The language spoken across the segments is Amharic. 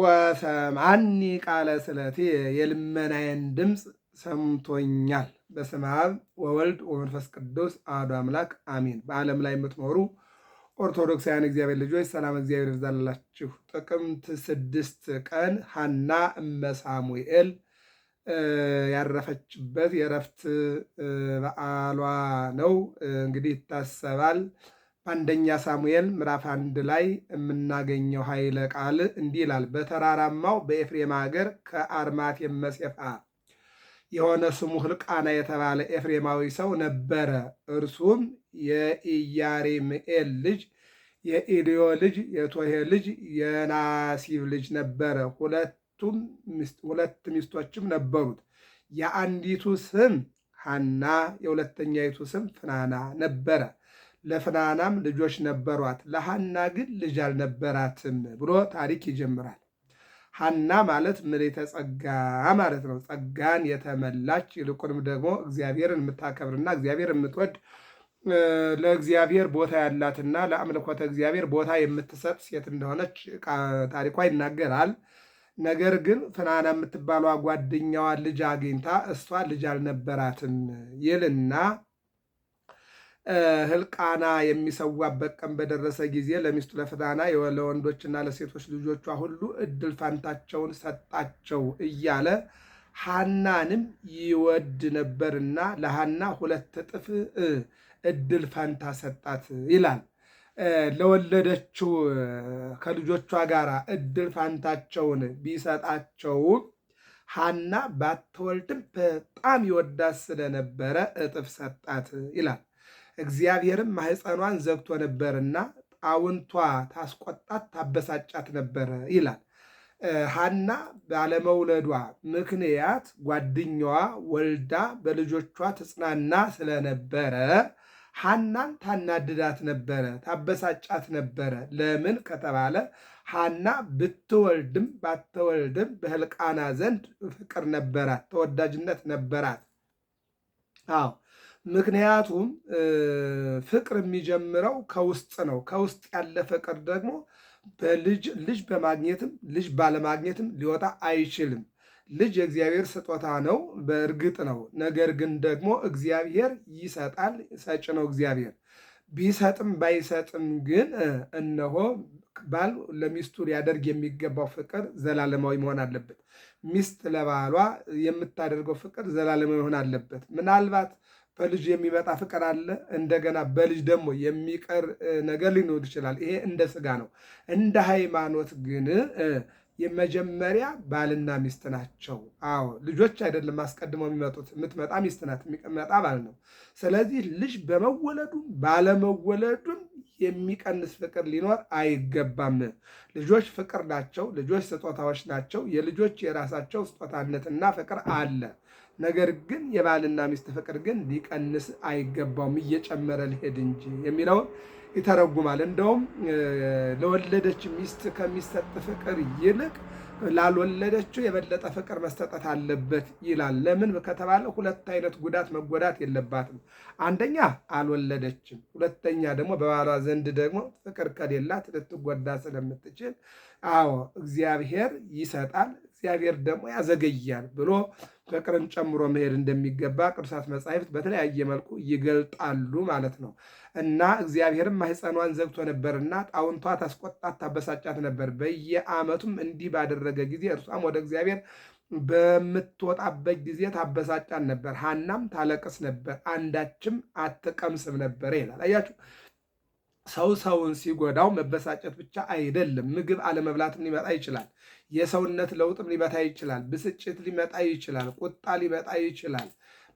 ወሰማኒ ቃለ ስለቴ የልመናዬን ድምፅ ሰምቶኛል። በስመ አብ ወወልድ ወመንፈስ ቅዱስ አሐዱ አምላክ አሚን። በዓለም ላይ የምትኖሩ ኦርቶዶክሳውያን እግዚአብሔር ልጆች ሰላም እግዚአብሔር ይብዛላችሁ። ጥቅምት ስድስት ቀን ሐና እመ ሳሙኤል ያረፈችበት የእረፍት በዓሏ ነው። እንግዲህ ይታሰባል። አንደኛ ሳሙኤል ምዕራፍ አንድ ላይ የምናገኘው ኃይለ ቃል እንዲህ ይላል። በተራራማው በኤፍሬም አገር ከአርማት የመሴፋ የሆነ ስሙ ሕልቃና የተባለ ኤፍሬማዊ ሰው ነበረ። እርሱም የኢያሪምኤል ልጅ የኢልዮ ልጅ የቶሄ ልጅ የናሲብ ልጅ ነበረ። ሁለት ሚስቶችም ነበሩት። የአንዲቱ ስም ሐና የሁለተኛይቱ ስም ፍናና ነበረ። ለፍናናም ልጆች ነበሯት፣ ለሐና ግን ልጅ አልነበራትም ብሎ ታሪክ ይጀምራል። ሐና ማለት ምሬተ ጸጋ ማለት ነው። ጸጋን የተመላች ይልቁንም ደግሞ እግዚአብሔርን የምታከብርና እግዚአብሔር የምትወድ ለእግዚአብሔር ቦታ ያላትና ለአምልኮተ እግዚአብሔር ቦታ የምትሰጥ ሴት እንደሆነች ታሪኳ ይናገራል። ነገር ግን ፍናና የምትባሏ ጓደኛዋ ልጅ አግኝታ እሷ ልጅ አልነበራትም ይልና ህልቃና የሚሰዋበት ቀን በደረሰ ጊዜ ለሚስቱ ለፍዳና ለወንዶችና ለሴቶች ልጆቿ ሁሉ እድል ፋንታቸውን ሰጣቸው እያለ ሀናንም ይወድ ነበርና ለሀና ሁለት እጥፍ እድል ፋንታ ሰጣት ይላል። ለወለደችው ከልጆቿ ጋር እድል ፋንታቸውን ቢሰጣቸው ሀና ባትወልድም በጣም ይወዳት ስለነበረ እጥፍ ሰጣት ይላል። እግዚአብሔርም ማህፀኗን ዘግቶ ነበርና ጣውንቷ ታስቆጣት ታበሳጫት ነበረ ይላል። ሐና ባለመውለዷ ምክንያት ጓደኛዋ ወልዳ በልጆቿ ትጽናና ስለነበረ ሐናን ታናድዳት ነበረ፣ ታበሳጫት ነበረ። ለምን ከተባለ ሐና ብትወልድም ባትወልድም በሕልቃና ዘንድ ፍቅር ነበራት፣ ተወዳጅነት ነበራት። አዎ ምክንያቱም ፍቅር የሚጀምረው ከውስጥ ነው። ከውስጥ ያለ ፍቅር ደግሞ በልጅ ልጅ በማግኘትም ልጅ ባለማግኘትም ሊወጣ አይችልም። ልጅ የእግዚአብሔር ስጦታ ነው፣ በእርግጥ ነው። ነገር ግን ደግሞ እግዚአብሔር ይሰጣል፣ ሰጭ ነው እግዚአብሔር። ቢሰጥም ባይሰጥም ግን እነሆ ባል ለሚስቱ ሊያደርግ የሚገባው ፍቅር ዘላለማዊ መሆን አለበት። ሚስት ለባሏ የምታደርገው ፍቅር ዘላለማዊ መሆን አለበት። ምናልባት በልጅ የሚመጣ ፍቅር አለ። እንደገና በልጅ ደግሞ የሚቀር ነገር ሊኖር ይችላል። ይሄ እንደ ስጋ ነው። እንደ ሃይማኖት ግን የመጀመሪያ ባልና ሚስት ናቸው። አዎ ልጆች አይደለም አስቀድመው የሚመጡት፣ የምትመጣ ሚስት ናት፣ የሚመጣ ባል ነው። ስለዚህ ልጅ በመወለዱም ባለመወለዱም የሚቀንስ ፍቅር ሊኖር አይገባም። ልጆች ፍቅር ናቸው። ልጆች ስጦታዎች ናቸው። የልጆች የራሳቸው ስጦታነትና ፍቅር አለ። ነገር ግን የባልና ሚስት ፍቅር ግን ሊቀንስ አይገባውም፣ እየጨመረ ሊሄድ እንጂ የሚለውን ይተረጉማል። እንደውም ለወለደች ሚስት ከሚሰጥ ፍቅር ይልቅ ላልወለደችው የበለጠ ፍቅር መሰጠት አለበት ይላል። ለምን ከተባለ ሁለት አይነት ጉዳት መጎዳት የለባትም። አንደኛ አልወለደችም፣ ሁለተኛ ደግሞ በባሏ ዘንድ ደግሞ ፍቅር ከሌላት ልትጎዳ ስለምትችል። አዎ እግዚአብሔር ይሰጣል፣ እግዚአብሔር ደግሞ ያዘገያል ብሎ ፍቅርን ጨምሮ መሄድ እንደሚገባ ቅዱሳት መጻሕፍት በተለያየ መልኩ ይገልጣሉ ማለት ነው እና እግዚአብሔርም ማህፀኗን ዘግቶ ነበርና ጣውንቷ ታስቆጣት፣ ታበሳጫት ነበር። በየዓመቱም እንዲህ ባደረገ ጊዜ እርሷም ወደ እግዚአብሔር በምትወጣበት ጊዜ ታበሳጫን ነበር። ሐናም ታለቅስ ነበር፣ አንዳችም አትቀምስም ነበር ይላል። አያችሁ ሰው ሰውን ሲጎዳው መበሳጨት ብቻ አይደለም፣ ምግብ አለመብላትም ሊመጣ ይችላል። የሰውነት ለውጥም ሊመጣ ይችላል። ብስጭት ሊመጣ ይችላል። ቁጣ ሊመጣ ይችላል።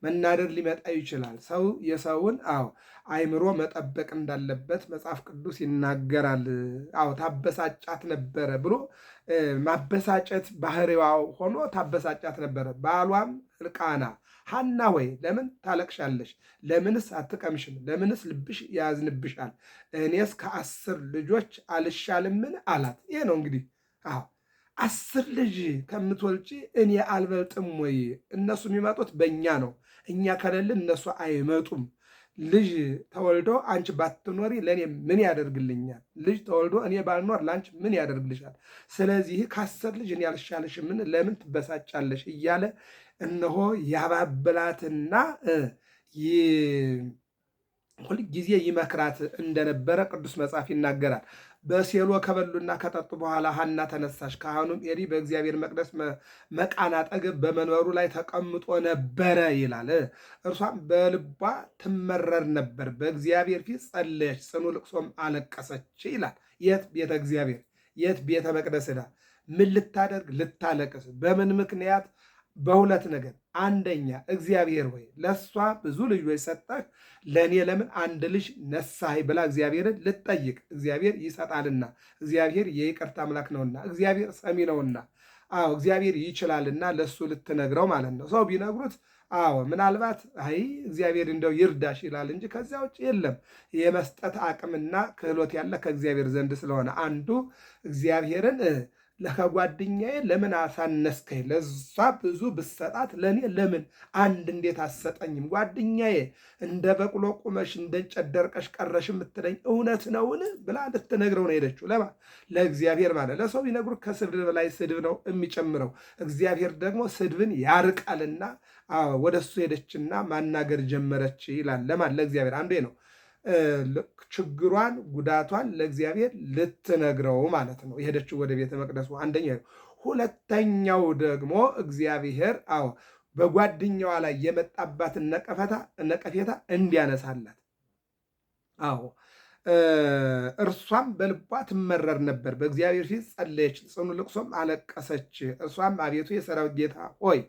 መናደር ሊመጣ ይችላል። ሰው የሰውን አዎ አይምሮ መጠበቅ እንዳለበት መጽሐፍ ቅዱስ ይናገራል። አዎ ታበሳጫት ነበረ ብሎ ማበሳጨት ባህሪዋ ሆኖ ታበሳጫት ነበረ። ባሏም ሕልቃና ሐና ወይ ለምን ታለቅሻለሽ? ለምንስ አትቀምሽም? ለምንስ ልብሽ ያዝንብሻል? እኔስ ከአስር ልጆች አልሻልምን አላት። ይሄ ነው እንግዲህ አዎ አስር ልጅ ከምትወልጪ እኔ አልበልጥም ወይ? እነሱ የሚመጡት በእኛ ነው። እኛ ከሌለ እነሱ አይመጡም። ልጅ ተወልዶ አንቺ ባትኖሪ ለእኔ ምን ያደርግልኛል? ልጅ ተወልዶ እኔ ባልኖር ለአንቺ ምን ያደርግልሻል? ስለዚህ ከአስር ልጅ እኔ አልሻለሽምን? ለምን ትበሳጫለሽ? እያለ እነሆ ያባብላትና ሁል ይመክራት እንደነበረ ቅዱስ መጽሐፍ ይናገራል። በሴሎ ከበሉና ከጠጡ በኋላ ሀና ተነሳች። ካህኑም ኤሊ በእግዚአብሔር መቅደስ መቃን አጠገብ በመንበሩ ላይ ተቀምጦ ነበረ ይላል። እርሷም በልቧ ትመረር ነበር፣ በእግዚአብሔር ፊት ጸለየች፣ ጽኑ ልቅሶም አለቀሰች ይላል። የት ቤተ እግዚአብሔር፣ የት ቤተ መቅደስ ይላል። ምን ልታደርግ ልታለቅስ፣ በምን ምክንያት በሁለት ነገር አንደኛ እግዚአብሔር ወይ ለእሷ ብዙ ልጆች ሰጠህ፣ ለእኔ ለምን አንድ ልጅ ነሳኸኝ ብላ እግዚአብሔርን ልትጠይቅ እግዚአብሔር ይሰጣልና፣ እግዚአብሔር የይቅርታ አምላክ ነውና፣ እግዚአብሔር ሰሚ ነውና፣ አዎ እግዚአብሔር ይችላልና ለእሱ ልትነግረው ማለት ነው። ሰው ቢነግሩት አዎ ምናልባት አይ እግዚአብሔር እንደው ይርዳሽ ይላል እንጂ ከዚያ ውጭ የለም። የመስጠት አቅምና ክህሎት ያለ ከእግዚአብሔር ዘንድ ስለሆነ አንዱ እግዚአብሔርን ከጓደኛዬ ለምን አሳነስከኝ? ለዛ ብዙ ብሰጣት ለእኔ ለምን አንድ እንዴት አሰጠኝም? ጓደኛዬ እንደ በቅሎ ቁመሽ እንደ እንጨት ደርቀሽ ቀረሽ የምትለኝ እውነት ነውን? ብላ ልትነግረው ነው ሄደችው። ለማ ለእግዚአብሔር ማለት ለሰው ቢነግሩ ከስድብ በላይ ስድብ ነው የሚጨምረው። እግዚአብሔር ደግሞ ስድብን ያርቃልና ወደ እሱ ሄደችና ማናገር ጀመረች ይላል። ለማን ለእግዚአብሔር። አንዱ ነው ችግሯን፣ ጉዳቷን ለእግዚአብሔር ልትነግረው ማለት ነው የሄደችው ወደ ቤተ መቅደሱ። አንደኛው ሁለተኛው ደግሞ እግዚአብሔር አዎ በጓደኛዋ ላይ የመጣባትን ነቀፈታ ነቀፌታ እንዲያነሳላት አዎ እርሷም በልቧ ትመረር ነበር፣ በእግዚአብሔር ፊት ጸለየች፣ ጽኑ ልቅሶም አለቀሰች። እርሷም አቤቱ የሰራዊት ጌታ ሆይ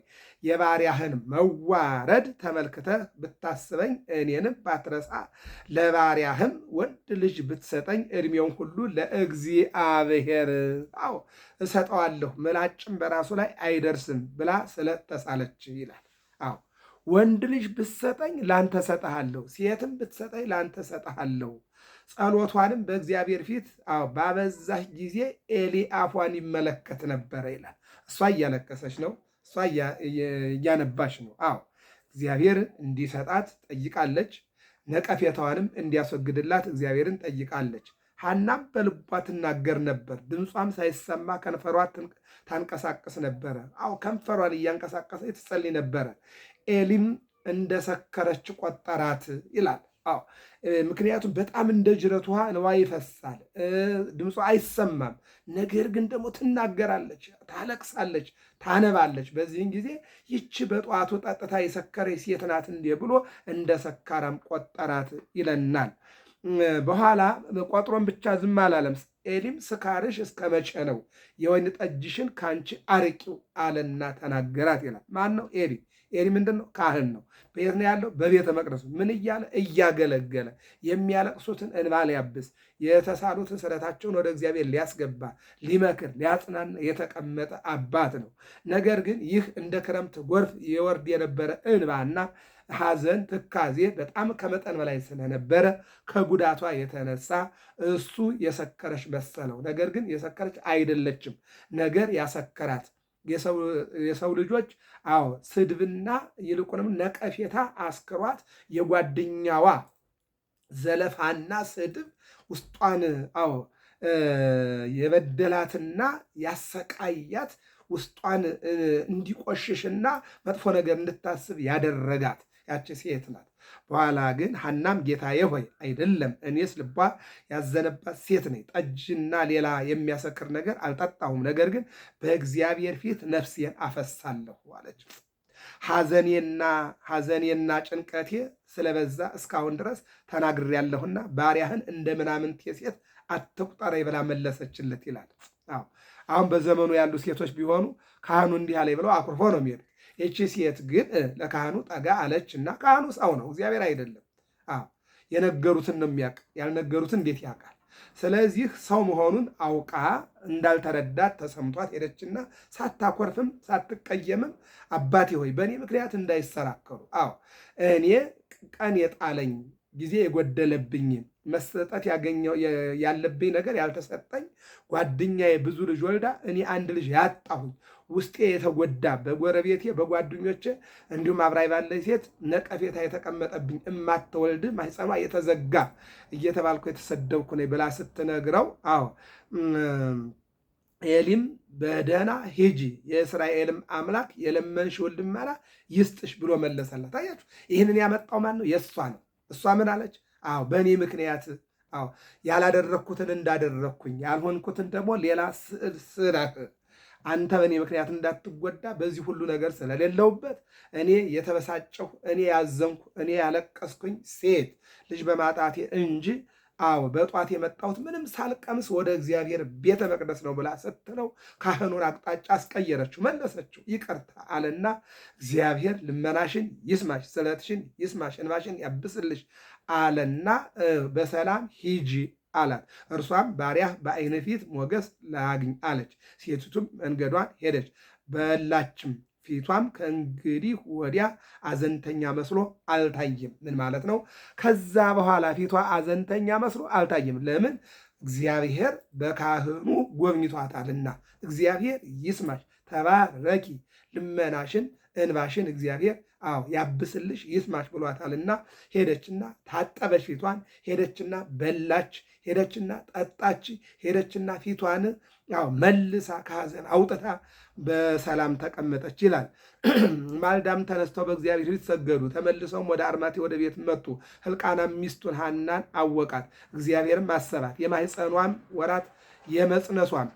የባሪያህን መዋረድ ተመልክተህ ብታስበኝ፣ እኔንም ባትረሳ፣ ለባሪያህም ወንድ ልጅ ብትሰጠኝ፣ እድሜውን ሁሉ ለእግዚአብሔር አዎ እሰጠዋለሁ፣ ምላጭም በራሱ ላይ አይደርስም ብላ ስለተሳለች ይላል። አዎ ወንድ ልጅ ብትሰጠኝ ላንተ ሰጠሃለሁ፣ ሴትም ብትሰጠኝ ላንተ ሰጠሃለሁ ጸሎቷንም በእግዚአብሔር ፊት አዎ ባበዛሽ ጊዜ ኤሊ አፏን ይመለከት ነበረ ይላል። እሷ እያለቀሰች ነው፣ እሷ እያነባች ነው። አዎ እግዚአብሔር እንዲሰጣት ጠይቃለች። ነቀፌታዋንም እንዲያስወግድላት እግዚአብሔርን ጠይቃለች። ሐናም በልቧ ትናገር ነበር፣ ድምጿም ሳይሰማ ከንፈሯ ታንቀሳቀስ ነበረ። አዎ ከንፈሯን እያንቀሳቀሰ ትጸልይ ነበረ። ኤሊም እንደሰከረች ቆጠራት ይላል። አዎ ምክንያቱም በጣም እንደ ጅረት ውሃ ነዋ ይፈሳል፣ ድምፁ አይሰማም። ነገር ግን ደግሞ ትናገራለች፣ ታለቅሳለች፣ ታነባለች። በዚህን ጊዜ ይቺ በጠዋቱ ጠጥታ የሰከረች ሴት ናት እንዴ ብሎ እንደ ሰካራም ቆጠራት ይለናል። በኋላ ቆጥሮን ብቻ ዝም አላለም። ኤሊም ስካርሽ እስከ መቼ ነው? የወይን ጠጅሽን ከአንቺ አርቂው አለና ተናገራት ይላል። ማን ነው ኤሊም? ይህ ምንድን ነው? ካህን ነው። በየት ነው ያለው? በቤተ መቅደሱ። ምን እያለ እያገለገለ የሚያለቅሱትን እንባ ሊያብስ የተሳሉትን ስረታቸውን ወደ እግዚአብሔር ሊያስገባ ሊመክር፣ ሊያጽናና የተቀመጠ አባት ነው። ነገር ግን ይህ እንደ ክረምት ጎርፍ የወርድ የነበረ እንባና ሐዘን ትካዜ በጣም ከመጠን በላይ ስለነበረ ከጉዳቷ የተነሳ እሱ የሰከረች መሰለው። ነገር ግን የሰከረች አይደለችም፣ ነገር ያሰከራት የሰው ልጆች አዎ ስድብና ይልቁንም ነቀፌታ አስክሯት የጓደኛዋ ዘለፋና ስድብ ውስጧን አዎ የበደላትና ያሰቃያት ውስጧን እንዲቆሽሽና መጥፎ ነገር እንድታስብ ያደረጋት ያቺ ሴት ናት። በኋላ ግን ሐናም ጌታዬ ሆይ አይደለም፣ እኔስ ልቧ ያዘነባት ሴት ነኝ። ጠጅና ሌላ የሚያሰክር ነገር አልጠጣሁም፣ ነገር ግን በእግዚአብሔር ፊት ነፍሴን አፈሳለሁ አለች። ሐዘኔና ሐዘኔና ጭንቀቴ ስለበዛ እስካሁን ድረስ ተናግሬያለሁና ባሪያህን እንደ ምናምንቴ ሴት አትቁጠረኝ ብላ መለሰችለት ይላል። አሁን በዘመኑ ያሉ ሴቶች ቢሆኑ ካህኑ እንዲህ አለኝ ብለው አኩርፎ ነው የሚሄዱ ይቺ ሴት ግን ለካህኑ ጠጋ አለች እና ካህኑ ሰው ነው፣ እግዚአብሔር አይደለም። የነገሩትን ነው የሚያውቅ፣ ያልነገሩትን እንዴት ያውቃል? ስለዚህ ሰው መሆኑን አውቃ እንዳልተረዳት ተሰምቷት ሄደችና ሳታኮርፍም ሳትቀየምም አባቴ ሆይ በእኔ ምክንያት እንዳይሰራከሩ፣ አዎ እኔ ቀን የጣለኝ ጊዜ የጎደለብኝን መሰጠት ያገኘው ያለብኝ ነገር ያልተሰጠኝ ጓደኛዬ ብዙ ልጅ ወልዳ እኔ አንድ ልጅ ያጣሁኝ ውስጤ የተጎዳ በጎረቤቴ በጓደኞቼ እንዲሁም አብራይ ባለ ሴት ነቀፌታ የተቀመጠብኝ እማትወልድ ማህፀኗ የተዘጋ እየተባልኩ የተሰደብኩ ነኝ ብላ ስትነግረው፣ አዎ ኤሊም በደህና ሂጂ የእስራኤልም አምላክ የለመንሽውን ልመና ይስጥሽ ብሎ መለሰላት። አያችሁ፣ ይህንን ያመጣው ማን ነው? የእሷ ነው። እሷ ምን አለች? አዎ በእኔ ምክንያት አዎ ያላደረግኩትን እንዳደረግኩኝ ያልሆንኩትን ደግሞ ሌላ ስዕል ስለህ አንተ በእኔ ምክንያት እንዳትጎዳ በዚህ ሁሉ ነገር ስለሌለውበት እኔ የተበሳጨሁ እኔ ያዘንኩ እኔ ያለቀስኩኝ ሴት ልጅ በማጣቴ እንጂ አዎ በጧት የመጣሁት ምንም ሳልቀምስ ወደ እግዚአብሔር ቤተ መቅደስ ነው ብላ ስትለው ካህኑን አቅጣጫ አስቀየረችው፣ መለሰችው። ይቅርታ አለና እግዚአብሔር ልመናሽን ይስማሽ፣ ስለትሽን ይስማሽ፣ እንባሽን ያብስልሽ አለና በሰላም ሂጂ አላት። እርሷም ባሪያህ በዓይን ፊት ሞገስ ላግኝ አለች። ሴቲቱም መንገዷን ሄደች፣ በላችም። ፊቷም ከእንግዲህ ወዲያ አዘንተኛ መስሎ አልታይም። ምን ማለት ነው? ከዛ በኋላ ፊቷ አዘንተኛ መስሎ አልታይም። ለምን? እግዚአብሔር በካህኑ ጎብኝቷታልና። እግዚአብሔር ይስማሽ፣ ተባረኪ፣ ልመናሽን እንባሽን እግዚአብሔር አዎ ያብስልሽ ይስማሽ ብሏታልና ሄደችና ታጠበች ፊቷን፣ ሄደችና በላች፣ ሄደችና ጠጣች፣ ሄደችና ፊቷን ያው መልሳ ከሐዘን አውጥታ በሰላም ተቀመጠች ይላል። ማልዳም ተነስተው በእግዚአብሔር ፊት ሰገዱ። ተመልሰውም ወደ አርማቴ ወደ ቤት መጡ። ሕልቃና ሚስቱን ሐናን አወቃት፣ እግዚአብሔርም አሰባት። የማኅፀኗም ወራት የመጽነሷም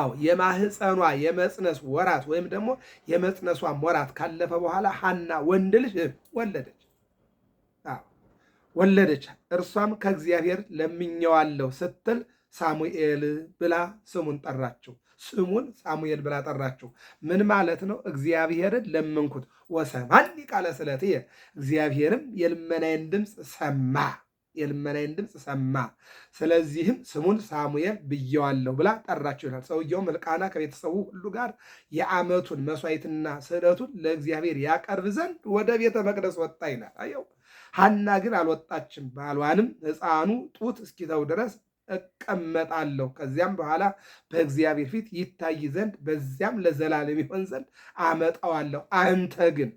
አዎ የማህፀኗ የመጽነስ ወራት ወይም ደግሞ የመጽነሷም ወራት ካለፈ በኋላ ሐና ወንድ ልጅ ወለደች ወለደች። እርሷም ከእግዚአብሔር ለምኜዋለሁ ስትል ሳሙኤል ብላ ስሙን ጠራችው። ስሙን ሳሙኤል ብላ ጠራችው። ምን ማለት ነው? እግዚአብሔርን ለምንኩት ወሰማኒ ቃለ ስለትየ፣ እግዚአብሔርም የልመናዬን ድምፅ ሰማ። የልመናዬን ድምፅ ሰማ፣ ስለዚህም ስሙን ሳሙኤል ብየዋለሁ ብላ ጠራቸው ይላል። ሰውየው እልቃና ከቤተሰቡ ሁሉ ጋር የዓመቱን መስዋዕትና ስዕለቱን ለእግዚአብሔር ያቀርብ ዘንድ ወደ ቤተ መቅደስ ወጣ ይላል። አየው ሐና ግን አልወጣችም። ባሏንም ሕፃኑ ጡት እስኪተው ድረስ እቀመጣለሁ ከዚያም በኋላ በእግዚአብሔር ፊት ይታይ ዘንድ በዚያም ለዘላለም ይሆን ዘንድ አመጣዋለሁ። አንተ ግን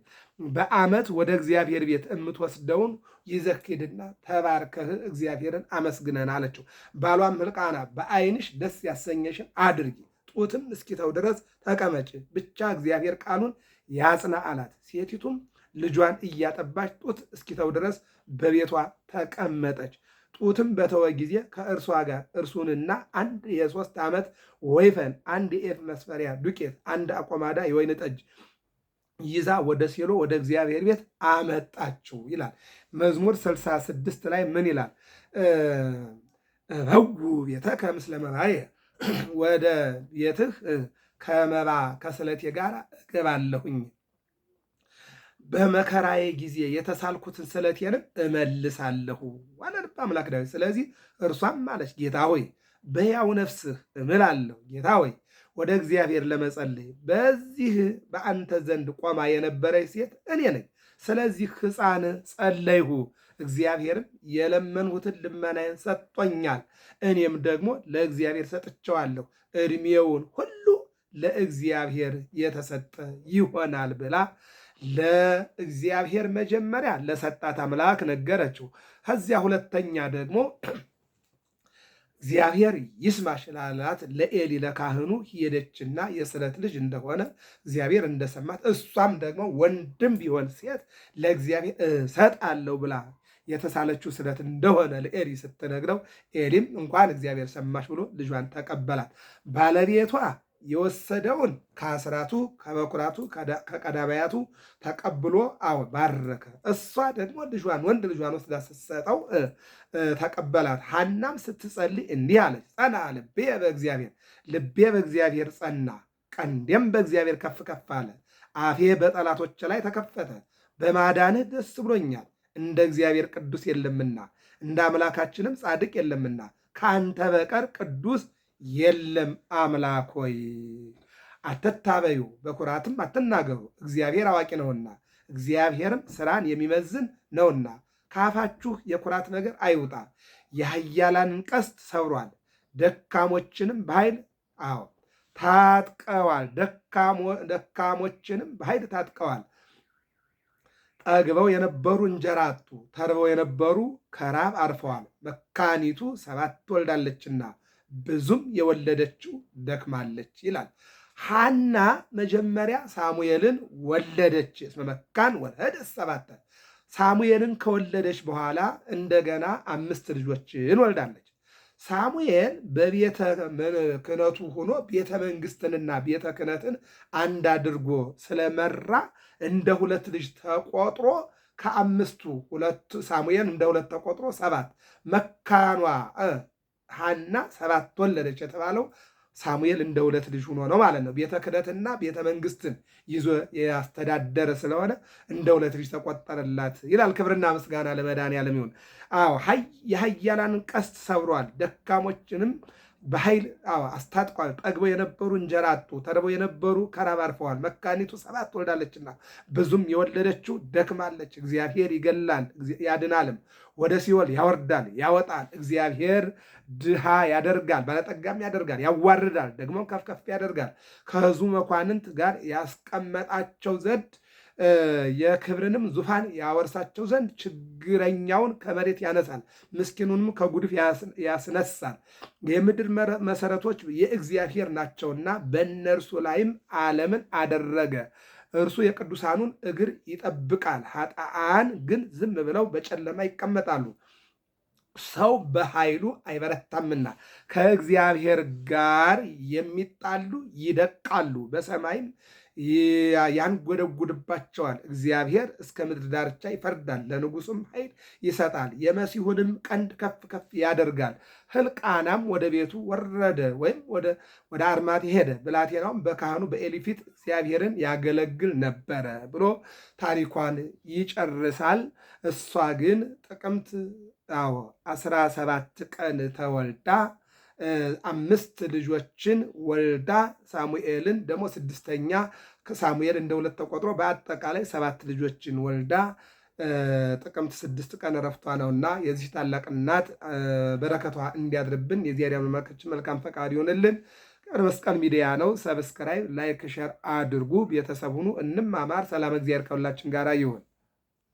በዓመት ወደ እግዚአብሔር ቤት የምትወስደውን ይዘክድና ተባርከህ እግዚአብሔርን አመስግነን አለችው። ባሏም ሕልቃና በዓይንሽ ደስ ያሰኘሽን አድርጊ፣ ጡትም እስኪተው ድረስ ተቀመጭ፣ ብቻ እግዚአብሔር ቃሉን ያጽና አላት። ሴቲቱም ልጇን እያጠባች ጡት እስኪተው ድረስ በቤቷ ተቀመጠች። ጡትም በተወ ጊዜ ከእርሷ ጋር እርሱንና አንድ የሶስት ዓመት ወይፈን፣ አንድ የኤፍ መስፈሪያ ዱቄት፣ አንድ አቆማዳ የወይን ጠጅ ይዛ ወደ ሴሎ ወደ እግዚአብሔር ቤት አመጣችው ይላል። መዝሙር 66 ላይ ምን ይላል? በው ቤተ ከምስለ መባዬ ወደ ቤትህ ከመባ ከስለቴ ጋር እገባለሁኝ በመከራዬ ጊዜ የተሳልኩትን ስለቴንም እመልሳለሁ አለ ልበ አምላክ ዳዊት። ስለዚህ እርሷም ማለች ጌታ ሆይ በሕያው ነፍስህ እምላለሁ ጌታ ሆይ ወደ እግዚአብሔር ለመጸለይ በዚህ በአንተ ዘንድ ቆማ የነበረች ሴት እኔ ነኝ። ስለዚህ ሕፃን ጸለይሁ፣ እግዚአብሔርም የለመንሁትን ልመናዬን ሰጥቶኛል፣ እኔም ደግሞ ለእግዚአብሔር ሰጥቼዋለሁ፣ ዕድሜውን ሁሉ ለእግዚአብሔር የተሰጠ ይሆናል ብላ ለእግዚአብሔር መጀመሪያ ለሰጣት አምላክ ነገረችው። ከዚያ ሁለተኛ ደግሞ እግዚአብሔር ይስማሽ ላላት ለኤሊ ለካህኑ ሄደችና የስለት ልጅ እንደሆነ እግዚአብሔር እንደሰማት እሷም ደግሞ ወንድም ቢሆን ሴት ለእግዚአብሔር እሰጣለሁ ብላ የተሳለችው ስለት እንደሆነ ለኤሊ ስትነግረው ኤሊም እንኳን እግዚአብሔር ሰማሽ ብሎ ልጇን ተቀበላት። ባለቤቷ የወሰደውን ከአስራቱ ከበኩራቱ ከቀዳባያቱ ተቀብሎ አሁን ባረከ። እሷ ደግሞ ልጇን ወንድ ልጇን ወስዳ ስትሰጠው ተቀበላት። ሐናም ስትጸልይ እንዲህ አለች፣ ጸና ልቤ በእግዚአብሔር ልቤ በእግዚአብሔር ጸና፣ ቀንዴም በእግዚአብሔር ከፍ ከፍ አለ። አፌ በጠላቶች ላይ ተከፈተ፣ በማዳንህ ደስ ብሎኛል። እንደ እግዚአብሔር ቅዱስ የለምና እንደ አምላካችንም ጻድቅ የለምና ከአንተ በቀር ቅዱስ የለም አምላክ ሆይ አትታበዩ፣ በኩራትም አትናገሩ፣ እግዚአብሔር አዋቂ ነውና እግዚአብሔርም ስራን የሚመዝን ነውና ከአፋችሁ የኩራት ነገር አይውጣ። የኃያላንን ቀስት ሰብሯል፣ ደካሞችንም በኃይል አዎ ታጥቀዋል። ደካሞችንም በኃይል ታጥቀዋል። ጠግበው የነበሩ እንጀራ አጡ፣ ተርበው የነበሩ ከራብ አርፈዋል። መካኒቱ ሰባት ትወልዳለችና ብዙም የወለደችው ደክማለች ይላል። ሐና መጀመሪያ ሳሙኤልን ወለደች። እስመ መካን ወለደ ሰባተ ሳሙኤልን ከወለደች በኋላ እንደገና አምስት ልጆችን ወልዳለች። ሳሙኤል በቤተ ክህነቱ ሆኖ ቤተ መንግስትንና ቤተ ክህነትን አንድ አድርጎ ስለመራ እንደ ሁለት ልጅ ተቆጥሮ ከአምስቱ ሁለቱ ሳሙኤል እንደ ሁለት ተቆጥሮ ሰባት መካኗ ሐና ሰባት ወለደች የተባለው ሳሙኤል እንደ ሁለት ልጅ ሆኖ ነው ማለት ነው። ቤተ ክህነትና ቤተ መንግስትን ይዞ ያስተዳደረ ስለሆነ እንደ ሁለት ልጅ ተቆጠረላት ይላል። ክብርና ምስጋና ለመድኃኔዓለም ይሁን። አዎ ቀስት ሰብሯል፣ ደካሞችንም በኃይል አስታጥቋል። ጠግበው የነበሩ እንጀራ አጡ፣ ተርበው የነበሩ ከራብ አርፈዋል። መካኒቱ ሰባት ወልዳለችና ብዙም የወለደችው ደክማለች። እግዚአብሔር ይገላል ያድናልም፣ ወደ ሲኦል ያወርዳል ያወጣል። እግዚአብሔር ድሃ ያደርጋል ባለጠጋም ያደርጋል፣ ያዋርዳል ደግሞ ከፍከፍ ያደርጋል። ከህዝቡ መኳንንት ጋር ያስቀመጣቸው ዘንድ የክብርንም ዙፋን ያወርሳቸው ዘንድ ችግረኛውን ከመሬት ያነሳል፣ ምስኪኑንም ከጉድፍ ያስነሳል። የምድር መሰረቶች የእግዚአብሔር ናቸውና በእነርሱ ላይም ዓለምን አደረገ። እርሱ የቅዱሳኑን እግር ይጠብቃል፣ ኃጥአን ግን ዝም ብለው በጨለማ ይቀመጣሉ። ሰው በኃይሉ አይበረታምና ከእግዚአብሔር ጋር የሚጣሉ ይደቃሉ። በሰማይም ያንጎደጉድባቸዋል። እግዚአብሔር እስከ ምድር ዳርቻ ይፈርዳል፣ ለንጉሱም ኃይል ይሰጣል፣ የመሲሁንም ቀንድ ከፍ ከፍ ያደርጋል። ሕልቃናም ወደ ቤቱ ወረደ ወይም ወደ አርማት ሄደ። ብላቴናውም በካህኑ በዔሊ ፊት እግዚአብሔርን ያገለግል ነበረ ብሎ ታሪኳን ይጨርሳል። እሷ ግን ጥቅምት አዎ 17 ቀን ተወልዳ አምስት ልጆችን ወልዳ ሳሙኤልን ደግሞ ስድስተኛ ሳሙኤል እንደ ሁለት ተቆጥሮ በአጠቃላይ ሰባት ልጆችን ወልዳ ጥቅምት ስድስት ቀን ረፍቷ ነውና የዚህ ታላቅ እናት በረከቷ እንዲያድርብን የዚያድ መልካችን መልካም ፈቃድ ይሆንልን። ቀን መስቀል ሚዲያ ነው። ሰብስክራይብ፣ ላይክ፣ ሸር አድርጉ። ቤተሰብ ሁኑ። እንማማር። ሰላም እግዚአብሔር ከሁላችን ጋር ይሁን።